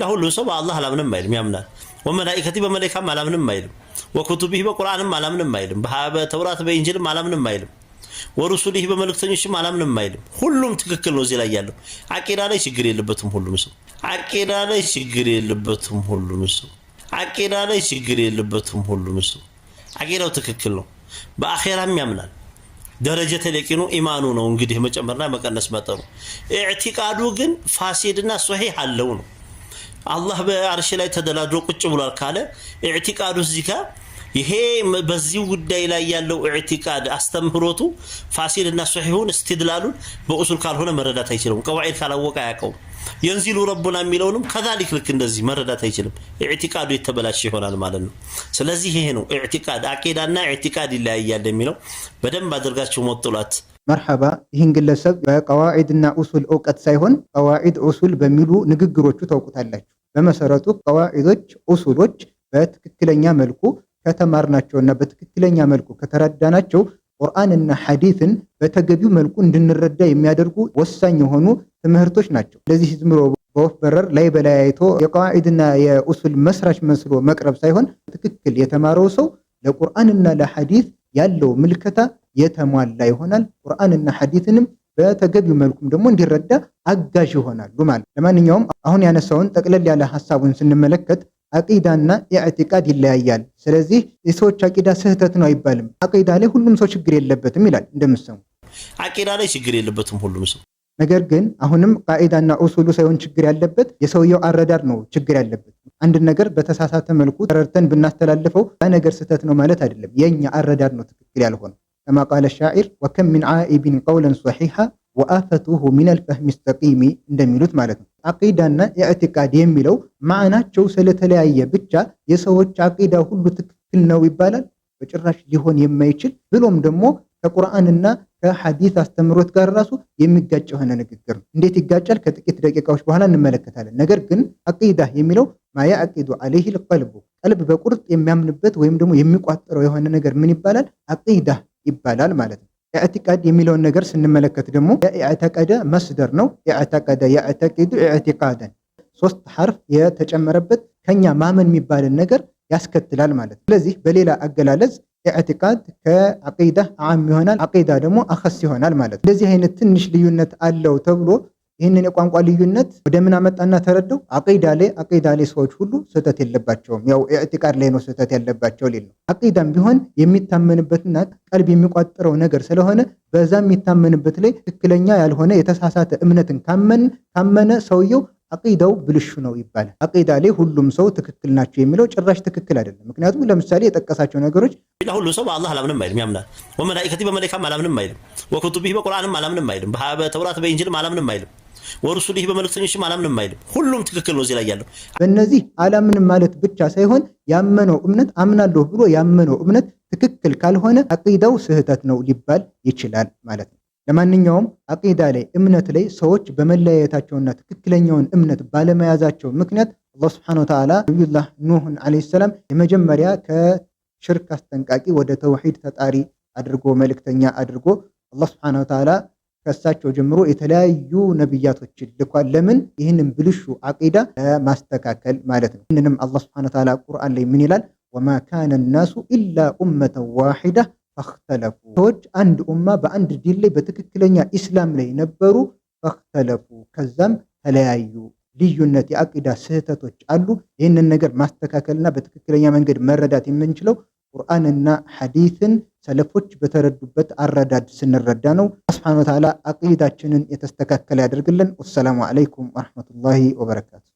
ላ ሁሉም ሰው በአላህ አላምንም አይልም፣ ያምናል። ወመላኢከቲ በመላኢካም አላምንም አይልም። ወኩቱቢህ በቁርአንም አላምንም አይልም። በተውራት በኢንጅልም አላምንም አይልም። ወሩሱሊህ በመልእክተኞችም አላምንም አይልም። ሁሉም ትክክል ነው። እዚህ ላይ ያለው አቂዳ ላይ ችግር የለበትም። ሁሉም ሰው አቂዳ ላይ ችግር የለበትም። ሁሉም ሰው አቂዳ ላይ ችግር የለበትም። ሁሉም ሰው አቂዳው ትክክል ነው። በአኼራም ያምናል። ደረጀተ ተለቂኑ ኢማኑ ነው። እንግዲህ መጨመርና መቀነስ መጠኑ። ኢዕቲቃዱ ግን ፋሲድና ሶሒህ አለው ነው አላህ በአርሽ ላይ ተደላድሮ ቁጭ ብሏል ካለ ኢዕቲቃዱ እዚህ ጋ ይሄ በዚህ ጉዳይ ላይ ያለው ኢዕቲቃድ አስተምህሮቱ ፋሲል እና ሶሒሁን እስትድላሉን በኡሱል ካልሆነ መረዳት አይችልም። ቀዋዒድ ካላወቀ አያውቀውም። የንዚሉ ረቡና የሚለውንም ከዛሊክ ልክ እንደዚህ መረዳት አይችልም። ኢዕቲቃዱ የተበላሸ ይሆናል ማለት ነው። ስለዚህ ይሄ ነው ኢዕቲቃድ፣ አቂዳና ኢዕቲቃድ ይለያያል የሚለው በደንብ አድርጋችሁ መጥሏት መርሐባ ይህን ግለሰብ በቀዋዒድና ኡሱል እውቀት ሳይሆን ቀዋዒድ ኡሱል በሚሉ ንግግሮቹ ታውቁታላችሁ። በመሰረቱ ቀዋዒዶች፣ ኡሱሎች በትክክለኛ መልኩ ከተማርናቸውና በትክክለኛ መልኩ ከተረዳናቸው ቁርአንና ሐዲትን በተገቢው መልኩ እንድንረዳ የሚያደርጉ ወሳኝ የሆኑ ትምህርቶች ናቸው። ስለዚህ ዝም ብሎ በወፍ በረር ላይ በለያይቶ የቀዋዒድና የኡሱል መስራች መስሎ መቅረብ ሳይሆን ትክክል የተማረው ሰው ለቁርአንና ለሐዲት ያለው ምልከታ የተሟላ ይሆናል። ቁርአንና ሐዲትንም በተገቢው መልኩም ደግሞ እንዲረዳ አጋዥ ይሆናሉ ማለት። ለማንኛውም አሁን ያነሳውን ጠቅለል ያለ ሀሳቡን ስንመለከት አቂዳና ኢዕቲቃድ ይለያያል። ስለዚህ የሰዎች አቂዳ ስህተት ነው አይባልም። አቂዳ ላይ ሁሉም ሰው ችግር የለበትም ይላል እንደምሰሙ አቂዳ ላይ ችግር የለበትም ሁሉም ሰው። ነገር ግን አሁንም ቃኢዳና ኡሱሉ ሳይሆን ችግር ያለበት የሰውየው አረዳድ ነው ችግር ያለበት። አንድ ነገር በተሳሳተ መልኩ ተረድተን ብናስተላልፈው ያ ነገር ስህተት ነው ማለት አይደለም። የእኛ አረዳድ ነው ትክክል ያልሆነው። ከማ ቃለ ሻዒር ወከም ሚን ዓኢቢን ቀውለን ሰሒሐ ወአፈቱሁ ሚነል ፈህሚ ስተቂሚ እንደሚሉት ማለት ነው። አቂዳና የእዕቲቃድ የሚለው ማዕናቸው ስለተለያየ ብቻ የሰዎች አቂዳ ሁሉ ትክክል ነው ይባላል? በጭራሽ ሊሆን የማይችል ብሎም ደግሞ ከቁርአንና ከሐዲስ አስተምሮት ጋር ራሱ የሚጋጭ የሆነ ንግግር ነው። እንዴት ይጋጫል? ከጥቂት ደቂቃዎች በኋላ እንመለከታለን። ነገር ግን አቂዳ የሚለው ማያዕቂዱ ዓለይህ ልቀልቡ ቀልብ በቁርጥ የሚያምንበት ወይም ደግሞ የሚቋጠረው የሆነ ነገር ምን ይባላል? አቂዳ ይባላል ማለት ነው። ኢዕቲቃድ የሚለውን ነገር ስንመለከት ደግሞ የኢዕተቀደ መስደር ነው። ኢዕተቀደ የዕተቂዱ ኢዕቲቃደን ሶስት ሐርፍ የተጨመረበት ከኛ ማመን የሚባልን ነገር ያስከትላል ማለት ነው። ስለዚህ በሌላ አገላለጽ ኢዕቲቃድ ከአቂዳ አም ይሆናል፣ አቂዳ ደግሞ አኸስ ይሆናል ማለት ነው። እንደዚህ አይነት ትንሽ ልዩነት አለው ተብሎ ይህንን የቋንቋ ልዩነት ወደ ምን አመጣና ተረደው አቂዳ ላይ አቂዳ ላይ ሰዎች ሁሉ ስህተት የለባቸውም። ያው ኢዕቲቃድ ላይ ነው ስህተት ያለባቸው ሌል ነው። አቂዳም ቢሆን የሚታመንበትና ቀልብ የሚቋጥረው ነገር ስለሆነ በዛ የሚታመንበት ላይ ትክክለኛ ያልሆነ የተሳሳተ እምነትን ካመን ካመነ ሰውየው አቂዳው ብልሹ ነው ይባላል። አቂዳ ላይ ሁሉም ሰው ትክክል ናቸው የሚለው ጭራሽ ትክክል አይደለም። ምክንያቱም ለምሳሌ የጠቀሳቸው ነገሮች ሁሉ ሰው በአላህ አላምንም አይልም ያምናል። ወመላኢከቲ በመላኢካም አላምንም አይልም። ወኩቱቢሂ በቁርአንም አላምንም አይልም። በተውራት በኢንጅልም አላምንም አይልም። ወርሱል ይህ አላምንም አይልም። ሁሉም ትክክል ነው። እዚህ ላይ ያለው በእነዚህ አላምንም ማለት ብቻ ሳይሆን ያመነው እምነት አምናለሁ ብሎ ያመነው እምነት ትክክል ካልሆነ አቂዳው ስህተት ነው ሊባል ይችላል ማለት ነው። ለማንኛውም አቂዳ ላይ እምነት ላይ ሰዎች በመለያየታቸውና ትክክለኛውን እምነት ባለመያዛቸው ምክንያት አላህ ስብሐነሁ ወተዓላ ነቢዩላህ ኑህን ዓለይሂ ሰላም የመጀመሪያ ከሽርክ አስጠንቃቂ ወደ ተውሂድ ተጣሪ አድርጎ መልእክተኛ አድርጎ አላህ ስብሐነሁ ወተዓላ ከእሳቸው ጀምሮ የተለያዩ ነቢያቶችን ልኳል። ለምን ይህንን ብልሹ አቂዳ ለማስተካከል ማለት ነው። ይህንንም አላህ ስብሐነሁ ወተዓላ ቁርአን ላይ ምን ይላል? ወማ ካነ ናሱ ኢላ ኡመተን ዋሂዳ ፈኽተለፉ፣ ሰዎች አንድ ኡማ በአንድ ዲን ላይ በትክክለኛ ኢስላም ላይ ነበሩ። ፈኽተለፉ፣ ከዛም ተለያዩ። ልዩነት የአቂዳ ስህተቶች አሉ። ይህንን ነገር ማስተካከልና በትክክለኛ መንገድ መረዳት የምንችለው ቁርአንና ሐዲትን ሰለፎች በተረዱበት አረዳድ ስንረዳ ነው። ስብሐነ ወተዓላ አቂዳችንን የተስተካከለ ያደርግልን። ወሰላሙ አለይኩም ወረሕመቱላሂ ወበረካቱ።